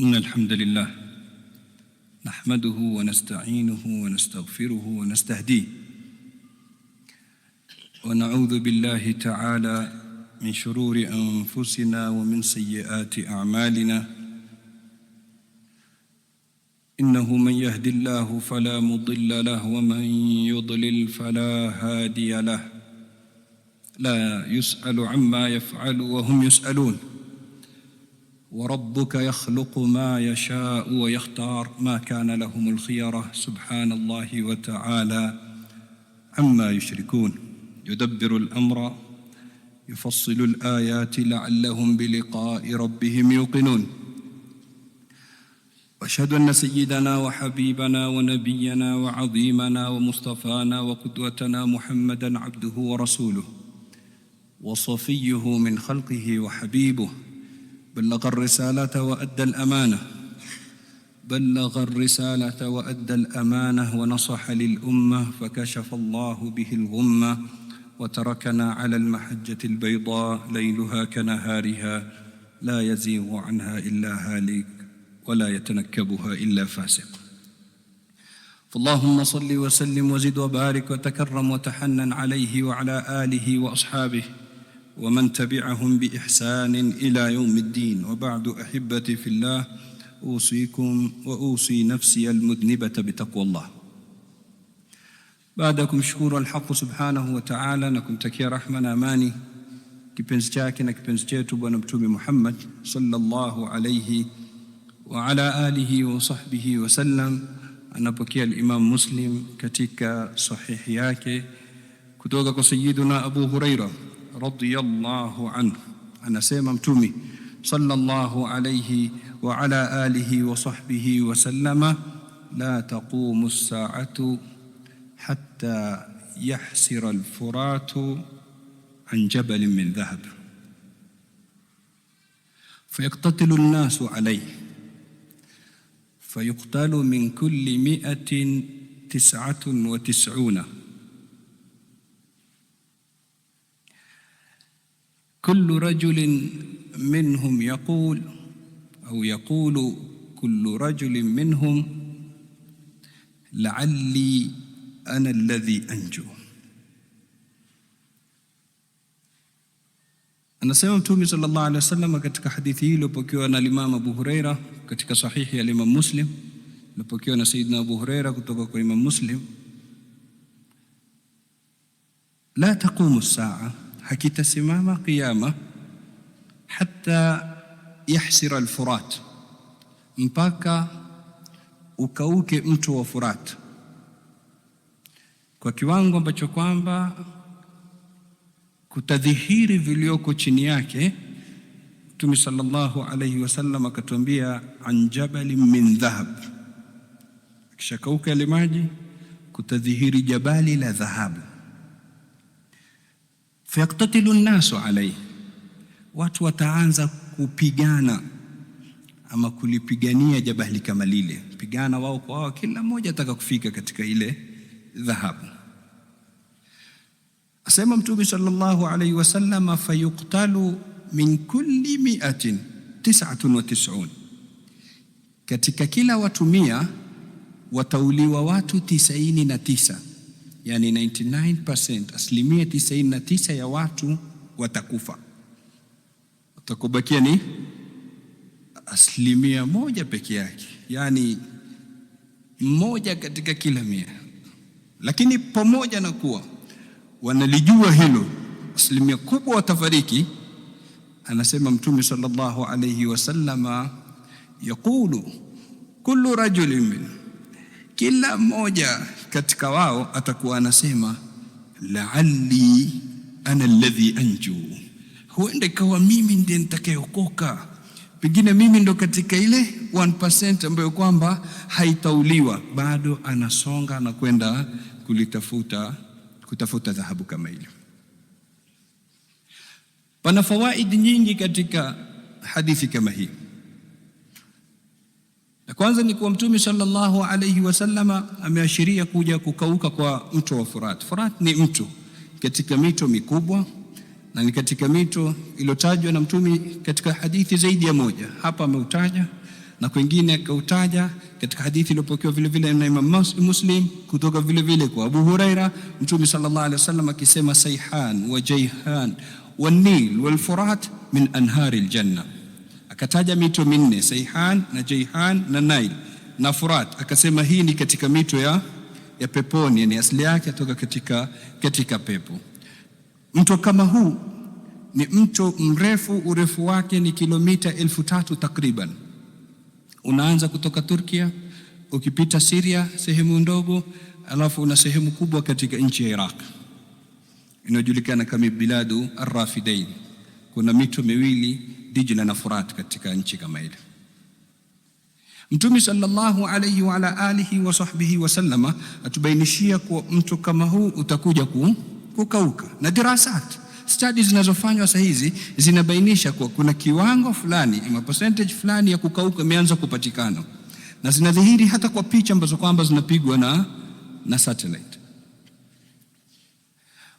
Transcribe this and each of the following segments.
إن الحمد لله نحمده ونستعينه ونستغفره ونستهديه ونعوذ بالله تعالى من شرور أنفسنا ومن سيئات أعمالنا إنه من يهد الله فلا مضل له ومن يضلل فلا هادي له لا يسأل عما يفعل وهم يسألون وربك يخلق ما يشاء ويختار ما كان لهم الخيره سبحان الله وتعالى عما يشركون يدبر الامر يفصل الايات لعلهم بلقاء ربهم يوقنون واشهد ان سيدنا وحبيبنا ونبينا وعظيمنا ومصطفانا وقدوتنا محمدا عبده ورسوله وصفيه من خلقه وحبيبه بلغ الرسالة وأدى الأمانة بلغ الرسالة وأدى الأمانة ونصح للأمة فكشف الله به الغمة وتركنا على المحجة البيضاء ليلها كنهارها لا يزيغ عنها إلا هالك ولا يتنكبها إلا فاسق فاللهم صل وسلم وزد وبارك وتكرم وتحنن عليه وعلى آله وأصحابه ومن تبعهم باحسان الى يوم الدين وبعد احبتي في الله اوصيكم واوصي نفسي المذنبه بتقوى الله baada ya kumshukuru alhaqu subhanahu wa taala na kumtakia rahma na amani kipenzi chake na kipenzi chetu bwana mtume Muhammad sallallahu alayhi wa ala alihi wa sahbihi wa sallam, anapokea al-Imam Muslim katika sahihi yake kutoka kwa Sayyiduna Abu Hurairah رضي الله عنه أنا سيما متومي صلى الله عليه وعلى آله وصحبه وسلم لا تقوم الساعة حتى يحسر الفرات عن جبل من ذهب فيقتتل الناس عليه فيقتل من كل مئة تسعة وتسعون كل رجل منهم يقول أو يقول كل رجل منهم لعلي أنا الذي أنجو Anasema Mtume sallallahu alaihi wasallam katika hadithi hii iliyopokewa na Imam Abu Huraira katika sahihi ya Imam Muslim, iliyopokewa na Sayyidina Abu Huraira kutoka kwa Imam Muslim, la taqumu saa hakitasimama kiyama, hata yahsira alfurat, mpaka ukauke mto wa Furat kwa kiwango ambacho kwamba kutadhihiri vilioko chini yake. Mtume sallallahu alayhi wasallam akatuambia, an jabalin min dhahab, akishakauka yale maji kutadhihiri jabali la dhahabu fayaktatilu nnasu alaihi, watu wataanza kupigana ama kulipigania jabali kama lile, pigana wao kwa wao, kila mmoja ataka kufika katika ile dhahabu. Asema Mtume sallallahu alaihi wasallam, fayuktalu min kulli miatin tisatun wa tisun, katika kila watu mia watauliwa watu tisaini na tisa yani 99%, asilimia 99 ya watu watakufa, watakubakia ni asilimia moja peke yake, yani mmoja katika kila mia. Lakini pamoja na kuwa wanalijua hilo, asilimia kubwa watafariki. Anasema Mtume sallallahu alayhi wasallama, yaqulu kullu rajulin min kila mmoja katika wao atakuwa anasema la'alli ana alladhi anju, huenda ikawa mimi ndiye nitakayeokoka. Pengine mimi ndo katika ile 1% ambayo kwamba haitauliwa. Bado anasonga na kwenda kulitafuta kutafuta dhahabu kama hilo. Pana fawaidi nyingi katika hadithi kama hii. Kwanza ni kuwa Mtume sallallahu alayhi wasallama ameashiria kuja kukauka kwa mto wa Furat. Furat ni mto katika mito mikubwa na ni katika mito iliyotajwa na Mtume katika hadithi zaidi ya moja. Hapa ameutaja na kwingine akautaja katika hadithi iliyopokewa vile vile na Imam Muslim kutoka vile vile kwa Abu Huraira, Mtume sallallahu alaihi wasallam akisema, saihan wa jaihan wa nil wal furat min anhari aljanna Akataja mito minne Saihan na Jaihan na Nile na Furat, akasema hii ni katika mito ya, ya peponi, yani asili yake atoka katika, katika pepo. Mto kama huu ni mto mrefu, urefu wake ni kilomita elfu tatu takriban. Unaanza kutoka Turkia ukipita Syria sehemu ndogo, alafu una sehemu kubwa katika nchi ya Iraq inayojulikana kama biladu Arrafidain. Kuna mito miwili Dijla na Furat katika nchi kama ile. Mtume sallallahu alayhi wa ala alihi wa sahbihi wasallama atubainishia kuwa mtu kama huu utakuja ku, kukauka na dirasati studies zinazofanywa sasa hizi zinabainisha kuwa kuna kiwango fulani ama percentage fulani ya kukauka imeanza kupatikana, na zinadhihiri hata kwa picha ambazo kwamba zinapigwa na, na satellite.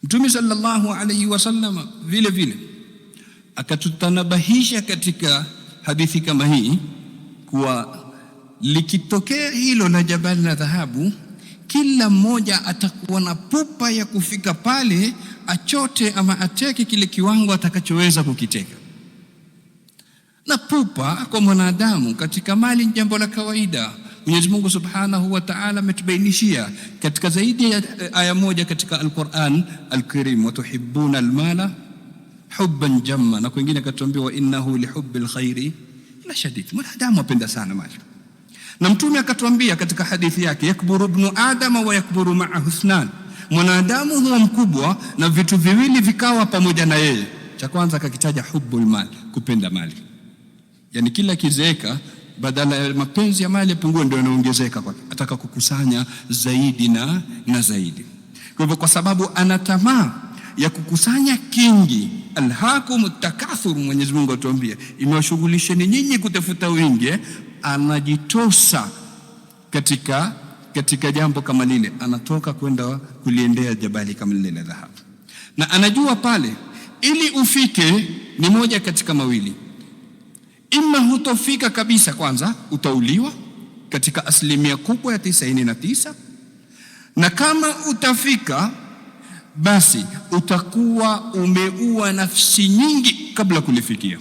Mtume sallallahu alaihi wasallam vile vile akatutanabahisha katika hadithi kama hii kuwa likitokea hilo la jabali la dhahabu, kila mmoja atakuwa na pupa ya kufika pale achote ama ateke kile kiwango atakachoweza kukiteka. Na pupa kwa mwanadamu katika mali ni jambo la kawaida. Mwenyezi Mungu Subhanahu wa Ta'ala ametubainishia katika zaidi ya eh, aya moja katika Al-Qur'an Al-Karim, watuhibbuna almala hubban jamma, na kwingine akatuambia wa innahu lihubbil khairi la shadid, mwanadamu apenda sana macho. Na mtume akatuambia katika hadithi yake, yakburu ibnu adama wa yakburu ma'ahu ithnan, mwanadamu huwa mkubwa na vitu viwili vikawa pamoja na yeye. Cha kwanza akakitaja hubbul mal, kupenda mali, yani kila kizeeka badala ya mapenzi ya mali yapungue, ndio yanaongezeka kwake, ataka kukusanya zaidi na na zaidi. Kwa hivyo, kwa sababu anatamaa ya kukusanya kingi, alhakum takathur. Mwenyezi Mungu atuambia imewashughulisheni nyinyi kutafuta wingi. Anajitosa katika, katika jambo kama lile, anatoka kwenda kuliendea jabali kama lile la dhahabu, na anajua pale ili ufike ni moja katika mawili, ima hutofika kabisa, kwanza utauliwa katika asilimia kubwa ya tisaini na tisa, na kama utafika basi utakuwa umeua nafsi nyingi kabla kulifikia.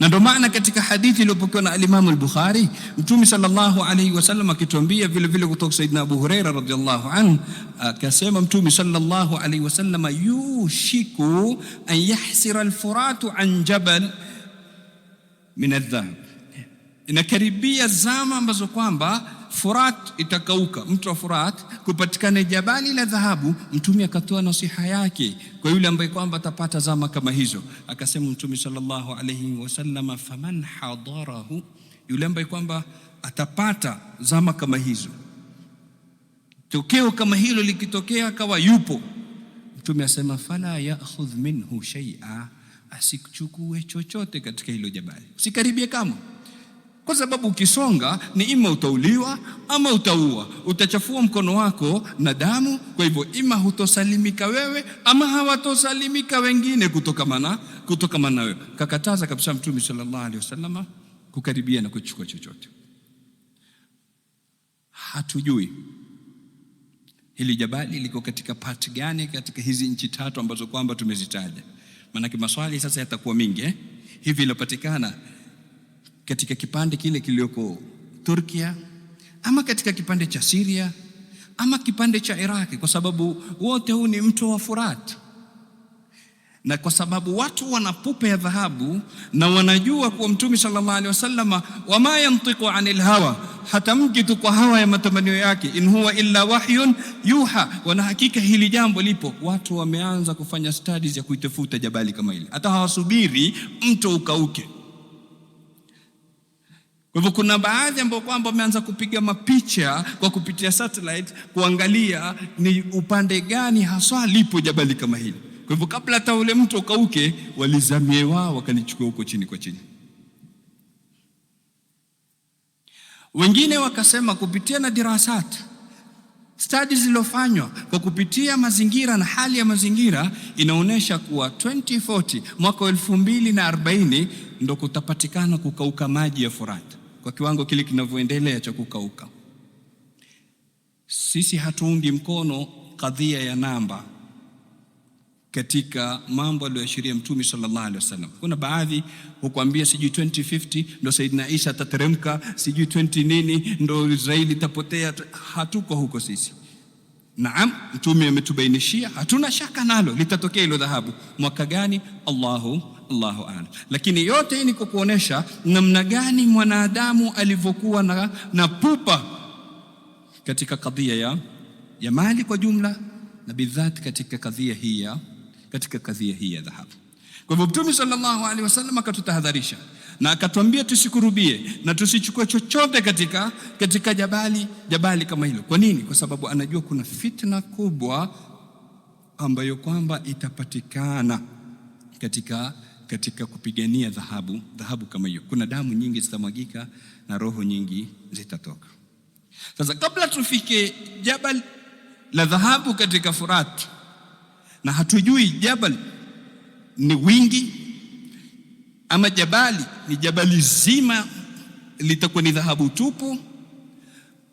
Na ndio maana katika hadithi iliyopokewa na alimamu al-Bukhari, Mtume sallallahu alayhi wasallam akituambia vile vile kutoka Saidina Abu Huraira radhiyallahu anhu, akasema Mtume sallallahu alayhi wasallam, yushiku an yahsira al-furatu an jabal min adh-dhahab, inakaribia zama ambazo kwamba Furat itakauka, mto wa Furat, kupatikane jabali la dhahabu. Mtume akatoa nasiha yake kwa yule ambaye kwamba atapata zama kama hizo, akasema Mtume sallallahu alayhi wasallam, faman hadarahu, yule ambaye kwamba atapata zama kama hizo, tokeo kama hilo likitokea akawa yupo, Mtume asema fala ya'khudh minhu shay'a, asikuchukue chochote katika hilo jabali, usikaribie kama kwa sababu ukisonga ni ima utauliwa ama utaua, utachafua mkono wako na damu. Kwa hivyo ima hutosalimika wewe ama hawatosalimika wengine kutokamana kutokamana na wewe. Kakataza kabisa Mtume sallallahu alaihi wasallam kukaribia na kuchukua chochote. Hatujui hili jabali liko katika part gani katika hizi nchi tatu ambazo kwamba tumezitaja, maanake maswali sasa yatakuwa mingi eh? hivi ilopatikana katika kipande kile kilioko Turkia ama katika kipande cha Syria ama kipande cha Iraq, kwa sababu wote huu ni mto wa Furat, na kwa sababu watu wana pupa ya dhahabu na wanajua kuwa Mtume sallallahu alaihi wasallam, wama yantiqu anil hawa, hata mji tu kwa hawa ya matamanio yake, in huwa illa wahyun yuha, wana hakika hili jambo lipo. Watu wameanza kufanya studies ya kuitafuta jabali kama ile, hata hawasubiri mto ukauke. Kwa hivyo kuna baadhi ambao kwamba wameanza kupiga mapicha kwa kupitia satellite kuangalia ni upande gani haswa lipo jabali kama hili. Kwa hivyo kabla hata ule mtu ukauke, walizamie wao wakalichukua huko chini kwa chini. Wengine wakasema kupitia na dirasat stadi zilizofanywa kwa kupitia mazingira na hali ya mazingira inaonyesha kuwa 2040 mwaka 2040 ndo kutapatikana kukauka maji ya Furati kwa kiwango kile kinavyoendelea cha kukauka. Sisi hatuungi mkono kadhia ya namba katika mambo aliyoashiria Mtume sallallahu alaihi wasallam. Kuna baadhi hukwambia sijui 2050 ndo Saidina Isa atateremka, sijui 20 nini ndo Israeli itapotea. Hatuko huko sisi. Naam, Mtume ametubainishia, hatuna shaka nalo litatokea hilo dhahabu. Mwaka gani? Allahu Allahu a'lam. Lakini yote hii ni kukuonesha namna gani mwanadamu alivyokuwa na, na pupa katika kadhia ya, ya mali kwa jumla na bidhati katika kadhia hii ya katika kadhia hii ya dhahabu. Kwa hivyo Mtume sallallahu alaihi wasallam akatutahadharisha na akatwambia tusikurubie na tusichukue chochote katika, katika jabali jabali kama hilo. Kwa nini? Kwa sababu anajua kuna fitna kubwa ambayo kwamba itapatikana katika katika kupigania dhahabu, dhahabu kama hiyo, kuna damu nyingi zitamwagika na roho nyingi zitatoka. Sasa kabla tufike jabal la dhahabu katika Furat, na hatujui jabal ni wingi ama jabali ni jabali zima litakuwa ni dhahabu tupu,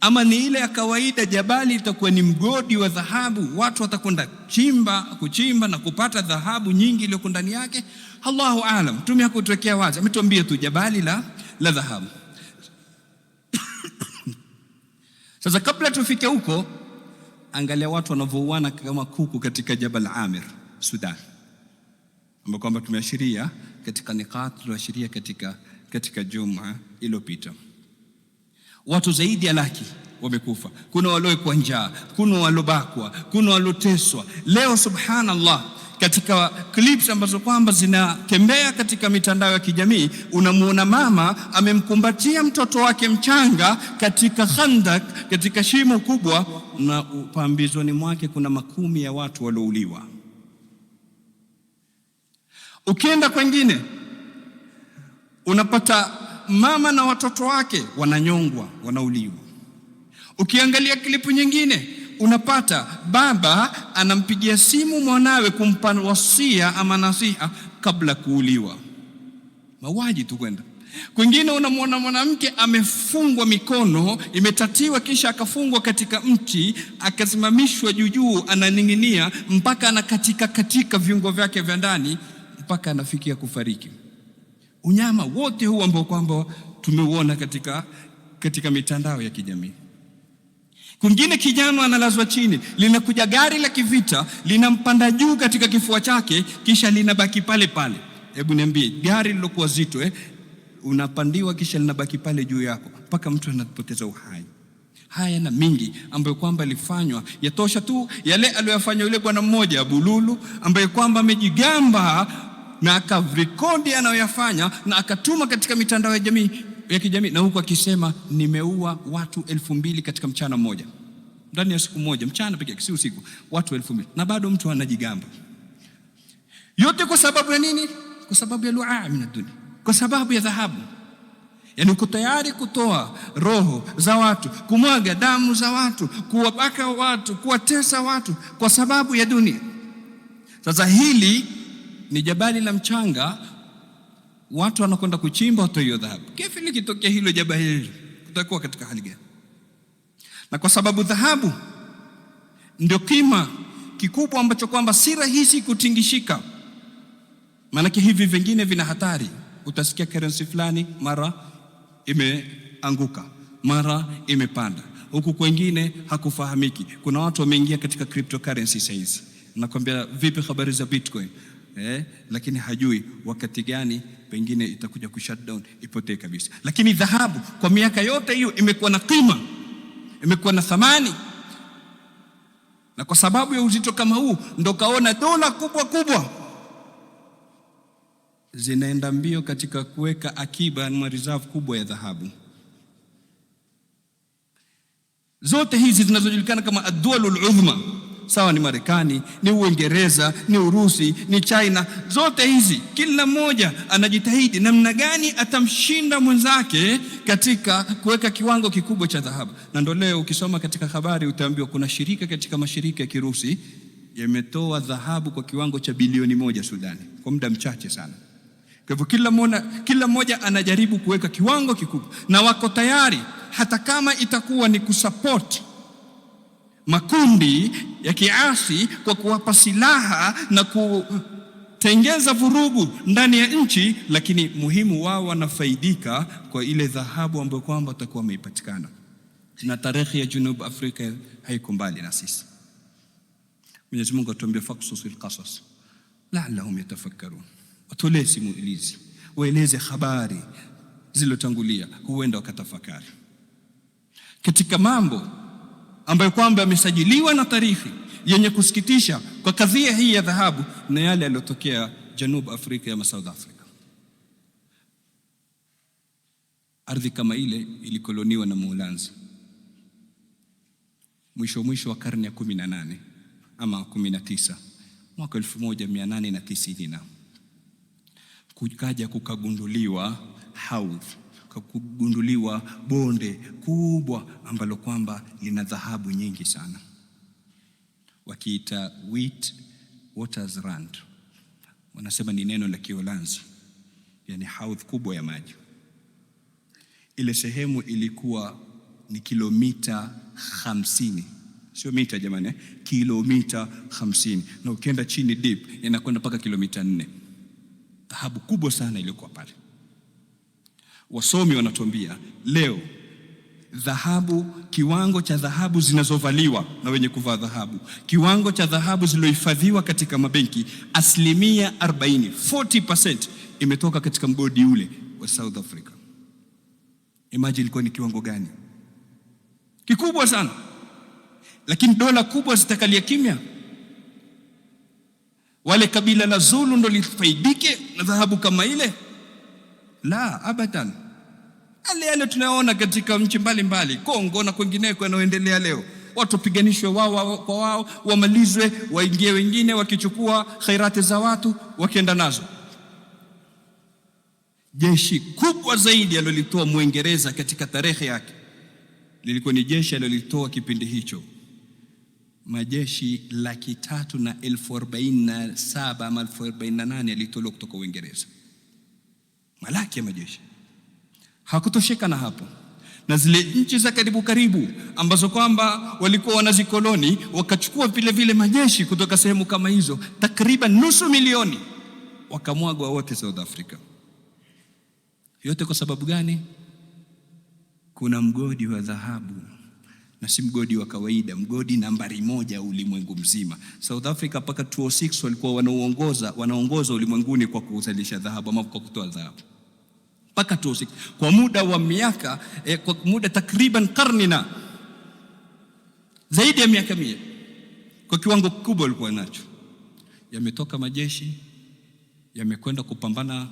ama ni ile ya kawaida jabali itakuwa ni mgodi wa dhahabu, watu watakwenda chimba kuchimba na kupata dhahabu nyingi iliyoko ndani yake, Allahu aalam. Mtume hakutuwekea wazi, ametuambia tu jabali la la dhahabu. Sasa kabla tufike huko, angalia watu wanavyouana kama kuku katika Jabal Amir Sudan, ambao kwamba tumeashiria katika niqat, tuliashiria katika, katika juma iliyopita. Watu zaidi ya laki wamekufa, kuna waliowekwa njaa, kuna waliobakwa, kuna walioteswa. Leo subhanallah katika clips ambazo kwamba zinatembea katika mitandao ya kijamii, unamuona mama amemkumbatia mtoto wake mchanga katika khandak, katika shimo kubwa, na pambizoni mwake kuna makumi ya watu waliouliwa. Ukienda kwengine unapata mama na watoto wake wananyongwa, wanauliwa. Ukiangalia klipu nyingine unapata baba anampigia simu mwanawe kumpa wasia ama nasiha kabla kuuliwa. Mauaji tu kwenda kwingine. Unamwona mwanamke amefungwa mikono, imetatiwa kisha akafungwa katika mti, akasimamishwa juu juu, ananing'inia mpaka anakatika katika viungo vyake vya ndani mpaka anafikia kufariki. Unyama wote huu ambao kwamba tumeuona katika, katika mitandao ya kijamii. Kwingine kijana analazwa chini, linakuja gari la kivita linampanda juu katika kifua chake, kisha linabaki pale pale. Hebu niambie, gari lilokuwa zito eh, unapandiwa kisha linabaki pale juu yako mpaka mtu anapoteza uhai. Haya na mingi ambayo kwamba alifanywa, yatosha tu yale aliyoyafanya yule bwana mmoja Bululu, ambaye kwamba amejigamba na akarekodi anayoyafanya na akatuma katika mitandao ya jamii ya kijamii, na huku akisema nimeua watu elfu mbili katika mchana mmoja, ndani ya siku moja, mchana pekee, si usiku, watu elfu mbili na bado mtu anajigamba. Yote kwa sababu ya nini? Kwa sababu ya luaa min dunia, kwa sababu ya dhahabu. Yaani uko tayari kutoa roho za watu, kumwaga damu za watu, kuwabaka watu, kuwatesa watu kwa sababu ya dunia. Sasa hili ni jabali la mchanga watu wanakwenda kuchimba watoa hiyo dhahabu. Kifi likitokea hilo jaba hili, kutakuwa katika hali gani? Na kwa sababu dhahabu ndio kima kikubwa ambacho kwamba si rahisi kutingishika, maanake hivi vingine vina hatari. Utasikia currency fulani mara imeanguka, mara imepanda, huku kwengine hakufahamiki. Kuna watu wameingia katika cryptocurrency sasa Nakwambia vipi, habari za Bitcoin? eh, lakini hajui wakati gani pengine itakuja ku shutdown ipotee kabisa. Lakini dhahabu kwa miaka yote hiyo imekuwa na kima, imekuwa na thamani, na kwa sababu ya uzito kama huu ndo kaona dola kubwa kubwa zinaenda mbio katika kuweka akiba na reserve kubwa ya dhahabu zote hizi zinazojulikana kama adwalul udhma sawa, ni Marekani, ni Uingereza, ni Urusi, ni China. Zote hizi kila mmoja anajitahidi namna gani atamshinda mwenzake katika kuweka kiwango kikubwa cha dhahabu, na ndio leo ukisoma katika habari utaambiwa kuna shirika katika mashirika ya Kirusi yametoa dhahabu kwa kiwango cha bilioni moja Sudani kwa muda mchache sana. Kwa hivyo kila mmoja kila mmoja anajaribu kuweka kiwango kikubwa, na wako tayari hata kama itakuwa ni kusapoti makundi ya kiasi kwa kuwapa silaha na kutengeza vurugu ndani ya nchi, lakini muhimu wao wanafaidika kwa ile dhahabu ambayo kwamba watakuwa wameipatikana. Na tarehe ya Junub Afrika haiko mbali na sisi. Mwenyezi Mungu atuambia faksusil qasas laallahum yatafakkarun, watolee simulizi, waeleze habari zilizotangulia, huenda wakatafakari katika mambo ambayo kwamba yamesajiliwa na tarikhi yenye kusikitisha kwa kadhia hii ya dhahabu na yale yaliyotokea Janub Afrika ama South Africa. Ardhi kama ile ilikoloniwa na Muulanzi mwisho mwisho wa karne ya 18 ama 19 mwaka 1890 na kukaja kukagunduliwa haudh kugunduliwa bonde kubwa ambalo kwamba lina dhahabu nyingi sana, wakiita rand Wanasema ni neno la kiolanzi yani haudh kubwa ya maji. Ile sehemu ilikuwa ni kilomita hamsini, sio mita jamani, eh? kilomita hamsini, na ukienda chini deep inakwenda mpaka kilomita nne. Dhahabu kubwa sana iliyokuwa pale. Wasomi wanatuambia leo dhahabu, kiwango cha dhahabu zinazovaliwa na wenye kuvaa dhahabu, kiwango cha dhahabu zilizohifadhiwa katika mabenki, asilimia 40, 40% imetoka katika mgodi ule wa South Africa. Imagine ilikuwa ni kiwango gani kikubwa sana, lakini dola kubwa zitakalia kimya. Wale kabila la Zulu ndo lifaidike na dhahabu kama ile. La abadan. Yale yale tunayoona katika nchi mbalimbali, Kongo na kwengineko, yanayoendelea leo, watu wapiganishwe wao wa, kwa wao, wamalizwe, waingie wengine, wakichukua khairati za watu wakienda nazo. Jeshi kubwa zaidi alilotoa Mwingereza katika tarehe yake lilikuwa ni jeshi alilotoa kipindi hicho majeshi laki tatu na elfu arobaini na saba ama elfu arobaini na nane yalitolewa kutoka Uingereza. Malaki ya majeshi. Hakutosheka na hapo, na zile nchi za karibu karibu ambazo kwamba walikuwa wanazikoloni wakachukua vile vile majeshi kutoka sehemu kama hizo, takriban nusu milioni wakamwagwa wote South Africa. Yote kwa sababu gani? Kuna mgodi wa dhahabu na si mgodi wa kawaida, mgodi nambari moja ulimwengu mzima. South Africa mpaka 2006 walikuwa wanaongoza wanaongoza ulimwenguni kwa kuzalisha dhahabu ama kwa kutoa dhahabu mpaka 2006 kwa muda wa miaka eh, kwa muda takriban na zaidi ya miaka mia, kwa kiwango kikubwa walikuwa nacho. Yametoka majeshi yamekwenda kupambana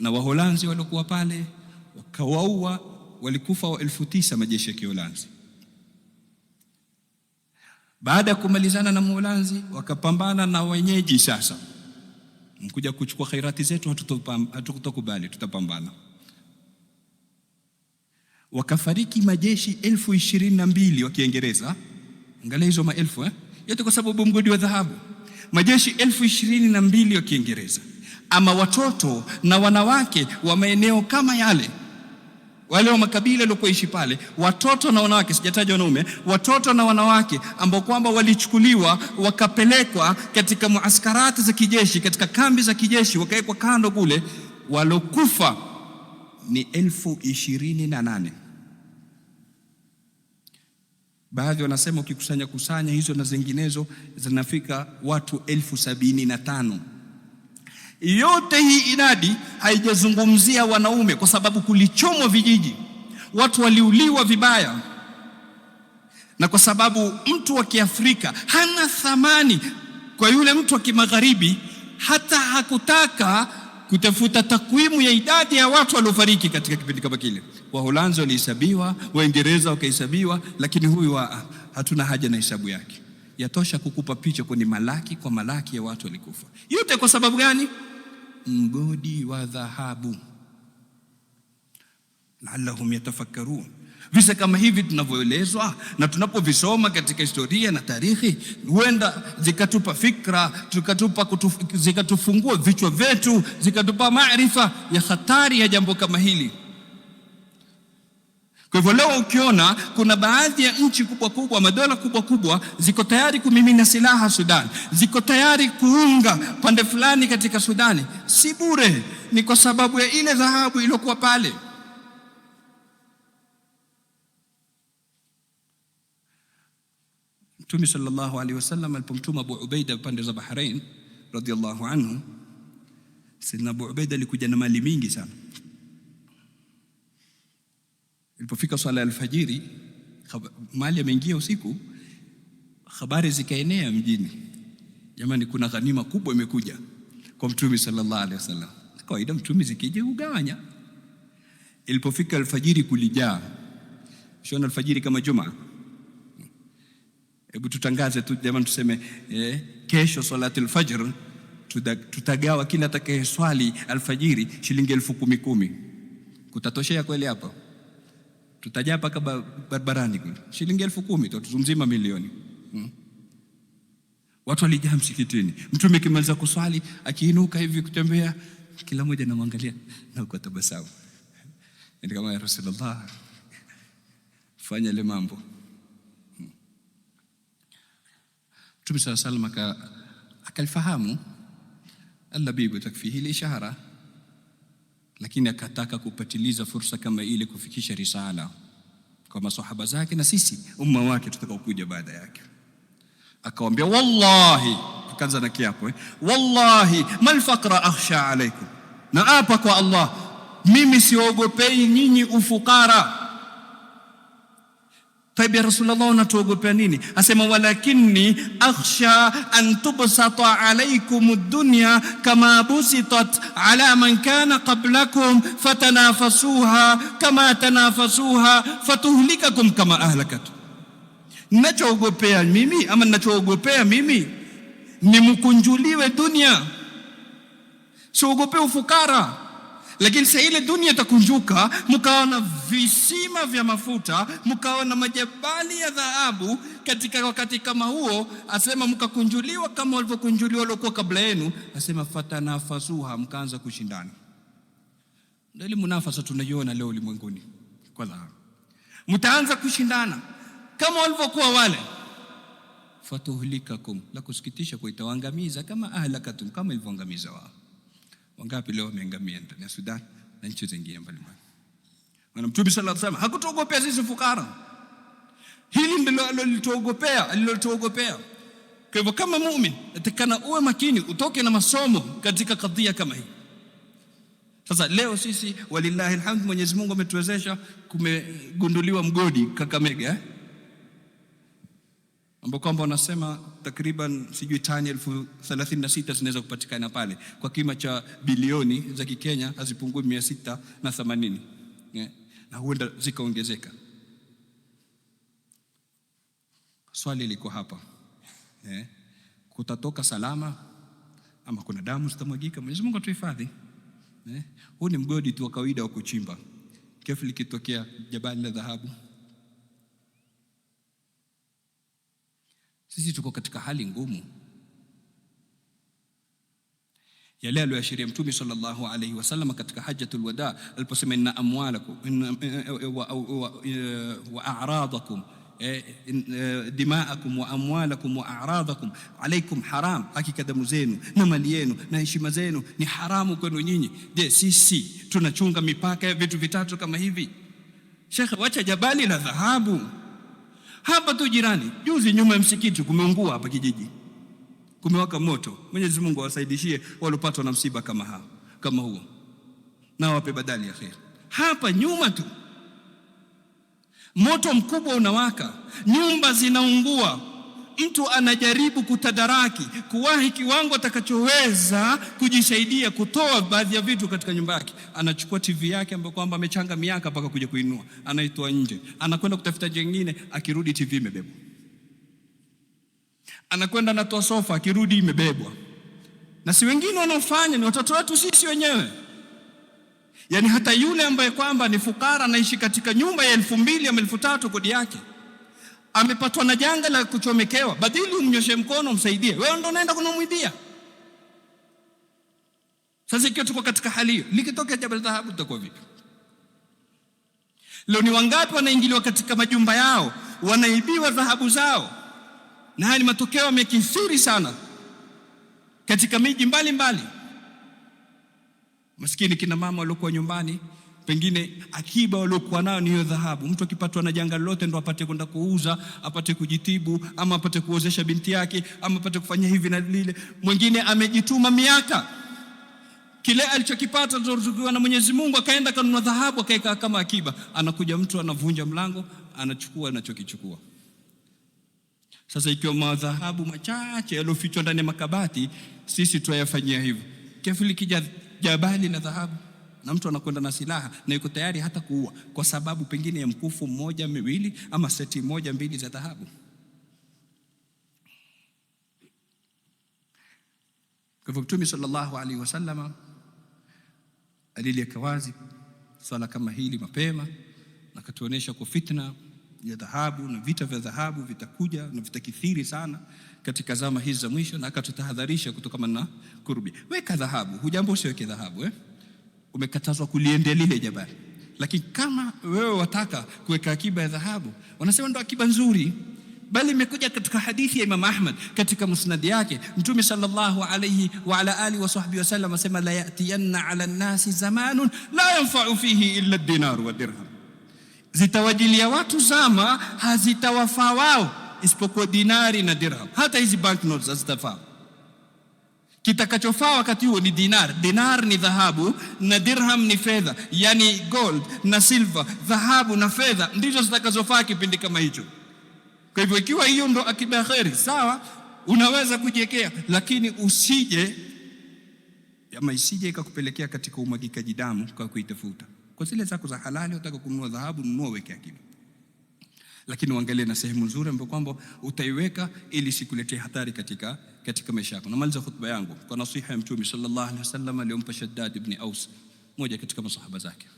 na Waholanzi waliokuwa pale, wakawaua walikufa wa elfu tisa majeshi ya Kiholanzi baada ya kumalizana na muulanzi wakapambana na wenyeji. Sasa mkuja kuchukua khairati zetu, hatutakubali, tutapambana. Wakafariki majeshi elfu ishirini na mbili wa Kiingereza, angalia hizo maelfu eh? yote kwa sababu mgodi wa dhahabu. Majeshi elfu ishirini na mbili wa Kiingereza, ama watoto na wanawake wa maeneo kama yale wale wa makabila waliokuishi pale, watoto na wanawake, sijataja wanaume, watoto na wanawake ambao kwamba walichukuliwa wakapelekwa katika muaskarati za kijeshi, katika kambi za kijeshi, wakawekwa kando kule, walokufa ni elfu ishirini na nane. Baadhi wanasema ukikusanya kusanya hizo na zinginezo zinafika watu elfu sabini na tano. Yote hii inadi haijazungumzia wanaume, kwa sababu kulichomwa vijiji, watu waliuliwa vibaya, na kwa sababu mtu wa Kiafrika hana thamani kwa yule mtu wa Kimagharibi, hata hakutaka kutafuta takwimu ya idadi ya watu waliofariki katika kipindi kama kile. Waholanzi walihesabiwa, Waingereza wakahesabiwa, lakini huyu wa ah, hatuna haja na hesabu yake yatosha kukupa picha kwenye malaki kwa malaki ya watu walikufa. Yote kwa sababu gani? Mgodi wa dhahabu. laalahum yatafakkarun. Visa kama hivi tunavyoelezwa na tunapovisoma katika historia na tarehe, huenda zikatupa fikra, tukatupa kutuf, zikatufungua vichwa vyetu, zikatupa maarifa ya hatari ya jambo kama hili. Kwa hivyo leo ukiona kuna baadhi ya nchi kubwa kubwa, madola kubwa kubwa ziko tayari kumimina silaha Sudan, ziko tayari kuunga pande fulani katika Sudani, si bure, ni kwa sababu ya ile dhahabu iliyokuwa pale. Mtume sallallahu alaihi wasallam alipomtuma Abu Ubaida pande za Bahrain radhiallahu anhu, Sayyidina Abu Ubaida alikuja na mali mingi sana Ilipofika swala ya alfajiri, mali ameingia usiku, habari zikaenea mjini, jamani, kuna ghanima kubwa imekuja kwa Mtume sallallahu alaihi wasallam. Kawaida Mtume zikija ugawanya. Ilipofika alfajiri, kulijaa. shona alfajiri kama juma. Hebu tutangaze tu jamani, tuseme eh, kesho salati alfajr tutagawa kila atakaye swali alfajiri shilingi elfu kumi kumi. Kutatoshea kweli hapo? tutajaa mpaka barabarani, shilingi elfu kumi tutazungumzia milioni hmm. Watu walijaa msikitini. Mtume kimaliza kuswali akiinuka hivi kutembea, kila mmoja anamwangalia na kwa tabasamu, ndio kama ya Rasulullah, fanya ile mambo. Hmm. Mtume sallallahu alayhi wasallam akalifahamu, allabibu takfihi li lakini akataka kupatiliza fursa kama ile kufikisha risala kwa masahaba zake na sisi umma wake tutakaokuja baada yake. Akawambia wallahi, akaanza na kiapo eh, wallahi mal faqra akhsha alaykum, na apa kwa Allah, mimi siogopei nyinyi ufukara Taib ya Rasulullah, unatuogopea nini? Asema, walakinni akhsha an tubsata alaykum ad-dunya kama busitat ala man kana qablakum fatanafasuha kama tanafasuha fatuhlikakum kama ahlakat. Ninachoogopea mimi ama ninachoogopea mimi ni mkunjuliwe dunia, siogopea ufukara lakini sasa ile dunia itakunjuka, mkawa na visima vya mafuta, mkawa na majabali ya dhahabu. Katika wakati kama huo, asema mkakunjuliwa kama walivyokunjuliwa waliokuwa kabla yenu, asema fatanafasuha, mkaanza kushindana. Ndio ile munafasa tunaiona leo ulimwenguni kwa dhahabu. Mtaanza kushindana kama walivyokuwa wale fatuhlikakum, la kusikitisha kwa itawaangamiza kama ahlakatum, kama ilivyoangamiza wao Wangapi leo wameangamia ndani ya Sudan na nchi zingine mbalimbali? Maana Mtume sallallahu alayhi hakutuogopea sisi fukara. Hili ndilo alilotogopea, alilotogopea. Kwa hivyo kama muumini atakana uwe makini, utoke na masomo katika kadhia kama hii. Sasa leo sisi walillahi alhamdu, Mwenyezi Mungu ametuwezesha, kumegunduliwa mgodi Kakamega eh? ambao kwamba wanasema takriban sijui tani elfu thelathini na sita zinaweza kupatikana pale kwa kima cha bilioni za Kikenya hazipungui mia sita na themanini eh, na huenda zikaongezeka. Swali liko hapa eh, kutatoka salama ama kuna damu zitamwagika? Mwenyezi Mungu atuhifadhi. Eh, huu ni mgodi tu wa kawaida wa kuchimba, kefu likitokea jabali la dhahabu Sisi tuko katika hali ngumu. Yale aliyoashiria Mtume sallallahu alaihi wasallam katika hajjatul wada aliposema, inna amwalakum eh, eh, eh, wa a'radakum dimaakum wa amwalakum wa a'radakum alaikum haram, hakika damu zenu na mali yenu na heshima zenu ni haramu kwenu nyinyi. Je, sisi tunachunga mipaka ya vitu vitatu kama hivi? Shekhe, wacha jabali la dhahabu hapa tu jirani, juzi nyuma ya msikiti kumeungua hapa kijiji, kumewaka moto. Mwenyezi Mungu awasaidishie walopatwa na msiba kama hao kama huo, na wape badali ya kheri. Hapa nyuma tu moto mkubwa unawaka, nyumba zinaungua mtu anajaribu kutadaraki kuwahi kiwango atakachoweza kujisaidia kutoa baadhi ya vitu katika nyumba yake. Anachukua TV yake ambayo kwamba amechanga miaka mpaka kuja kuinua, anaitoa nje, anakwenda kutafuta jengine, akirudi TV imebebwa. Anakwenda anatoa sofa, akirudi imebebwa. Na si wengine wanaofanya, ni watoto wetu sisi wenyewe. Yaani hata yule ambaye kwamba ni fukara, anaishi katika nyumba ya elfu mbili ama elfu tatu kodi yake amepatwa na janga la kuchomekewa, badili umnyoshe mkono umsaidie, wewe ndo unaenda kunamwidia. Sasa ikiwa tuko katika hali hiyo, likitokea Jabal Dhahabu tutakuwa vipi? Leo ni wangapi wanaingiliwa katika majumba yao, wanaibiwa dhahabu zao, na haya ni matokeo yamekithiri sana katika miji mbalimbali. Maskini kina mama waliokuwa nyumbani pengine akiba waliokuwa nayo ni hiyo dhahabu. Mtu akipatwa na janga lolote ndo apate kwenda kuuza, apate kujitibu, ama apate kuozesha binti yake, ama apate kufanya hivi na lile. Mwingine amejituma miaka, kile alichokipata alichoruzukiwa na Mwenyezi Mungu, akaenda kanunua dhahabu, akaweka kama akiba. Anakuja mtu anavunja mlango, anachukua anachokichukua. Sasa ikiwa madhahabu machache yaliyofichwa ndani ya makabati, sisi tuayafanyia hivyo, kiafili kija jabali la dhahabu na mtu anakwenda na silaha na yuko tayari hata kuua kwa sababu pengine ya mkufu mmoja miwili, ama seti moja mbili za dhahabu. Kwa hivyo Mtume sallallahu alaihi wasallam aliliweka wazi swala kama hili mapema, na akatuonyesha kwa fitna ya dhahabu na vita vya dhahabu vitakuja na vitakithiri sana katika zama hizi za mwisho, na akatutahadharisha kutokana na kurubi. Weka dhahabu, hujambo usiweke dhahabu eh? umekatazwa lile jabali, lakini kama wewe wataka kuweka akiba ya dhahabu, wanasema ndo akiba nzuri bali imekuja katika hadithi ya Imam Ahmad katika musnadi yake, Mtume sallallahu alayhi wa ala alihi wa sahbihi wasallam asema, la yatiyanna ala nnasi zamanun la yanfau fihi illa dinar wa dirham, zitawajilia watu zama hazitawafaa wao isipokuwa dinari na dirham. Hata hizi banknotes hazitafaa Kitakachofaa wakati huo ni dinar. Dinar ni dhahabu na dirham ni fedha, yani gold na silver. Dhahabu na fedha ndizo zitakazofaa kipindi kama hicho. Kwa hivyo, ikiwa hiyo ndo ya kheri, sawa, unaweza kujiwekea, lakini usije ama isije ikakupelekea katika umwagikaji damu kwa kuitafuta. Kwa zile zako za halali, unataka kununua dhahabu, nunua, weke akiba, lakini uangalie na sehemu nzuri ambayo kwamba utaiweka ili sikuletee hatari katika katika maisha yako. Namaliza khutba yangu kwa nasiha ya Mtume sallallahu alaihi wasallam aliyompa Shaddad ibn Aus, mmoja katika masahaba zake.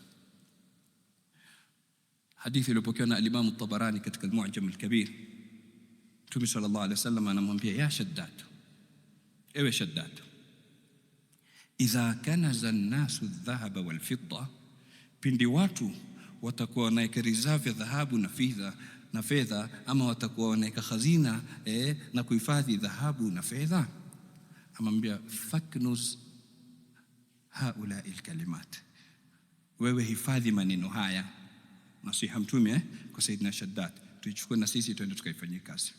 Hadithi iliyopokewa na Alimamu Tabarani katika Almu'jam Alkabir. Mtume sallallahu alaihi wasallam anamwambia ya Shaddad, ewe Shaddad, idha kanaza nnasu dhahaba walfidda, pindi watu watakuwa wanaeka rizaa vya dhahabu na fidha na fedha, ama watakuwa wanaweka hazina eh, na kuhifadhi dhahabu na fedha? Amwambia faknus haulai lkalimat, wewe hifadhi maneno haya. Nasiha Mtume eh, kwa Saidina Shaddad, tuichukue na sisi tuende tukaifanyia kazi.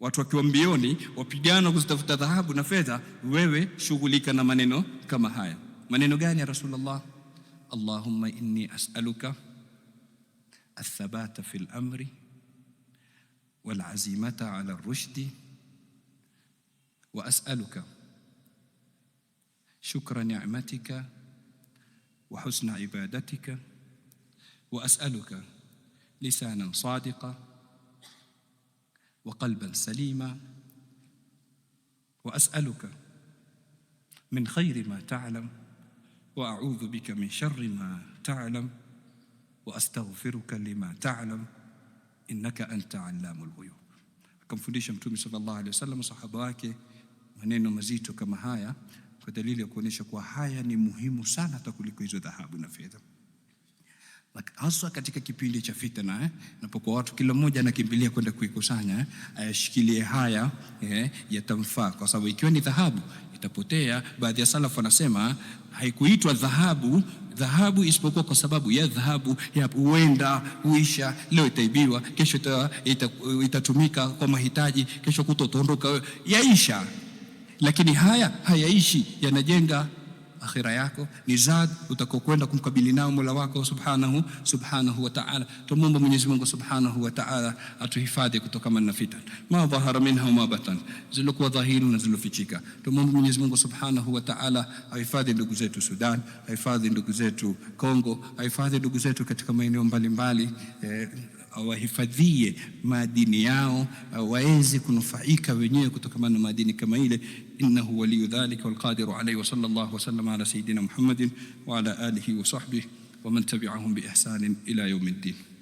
Watu wakiwa mbioni wapigana kuzitafuta dhahabu na fedha, wewe shughulika na maneno kama haya. Maneno gani ya Rasulullah? Allahumma inni as'aluka الثبات في الامر والعزيمه على الرشد واسالك شكر نعمتك وحسن عبادتك واسالك لسانا صادقا وقلبا سليما واسالك من خير ما تعلم واعوذ بك من شر ما تعلم wa lima ta'lam innaka anta allamul ghuyub. Akamfundisha Mtume sallallahu alaihi wasallam sahaba wake maneno mazito kama haya kwa dalili ya kuonyesha kuwa haya ni muhimu sana hata kuliko hizo dhahabu na fedha, haswa katika kipindi cha fitna eh, napokuwa watu kila mmoja anakimbilia kwenda kuikusanya eh, ayashikilie haya eh, yatamfaa, kwa sababu ikiwa ni dhahabu itapotea. Baadhi ya salafu wanasema haikuitwa dhahabu dhahabu isipokuwa kwa sababu ya dhahabu ya huenda huisha, leo itaibiwa, kesho ita, ita, itatumika kwa mahitaji, kesho kutotondoka yaisha, lakini haya hayaishi, yanajenga akhira yako, ni zad utakokwenda kumkabili nao Mola wako subhanahu subhanahu wa ta'ala. Tumwomba Mwenyezi Mungu subhanahu wa ta'ala atuhifadhi kutoka na fitan ma dhahara minha ma batan, zilokuwa dhahiri na zilofichika. Tumwomba Mwenyezi Mungu subhanahu wa ta'ala ahifadhi ndugu zetu Sudan, ahifadhi ndugu zetu Kongo, ahifadhi ndugu zetu katika maeneo mbalimbali eh, awahifadhie madini yao, waweze kunufaika wenyewe kutokana na madini kama ile. إنه ولي ذلك والقادر عليه وصلى الله وسلم على سيدنا محمد وعلى آله وصحبه ومن تبعهم بإحسان إلى يوم الدين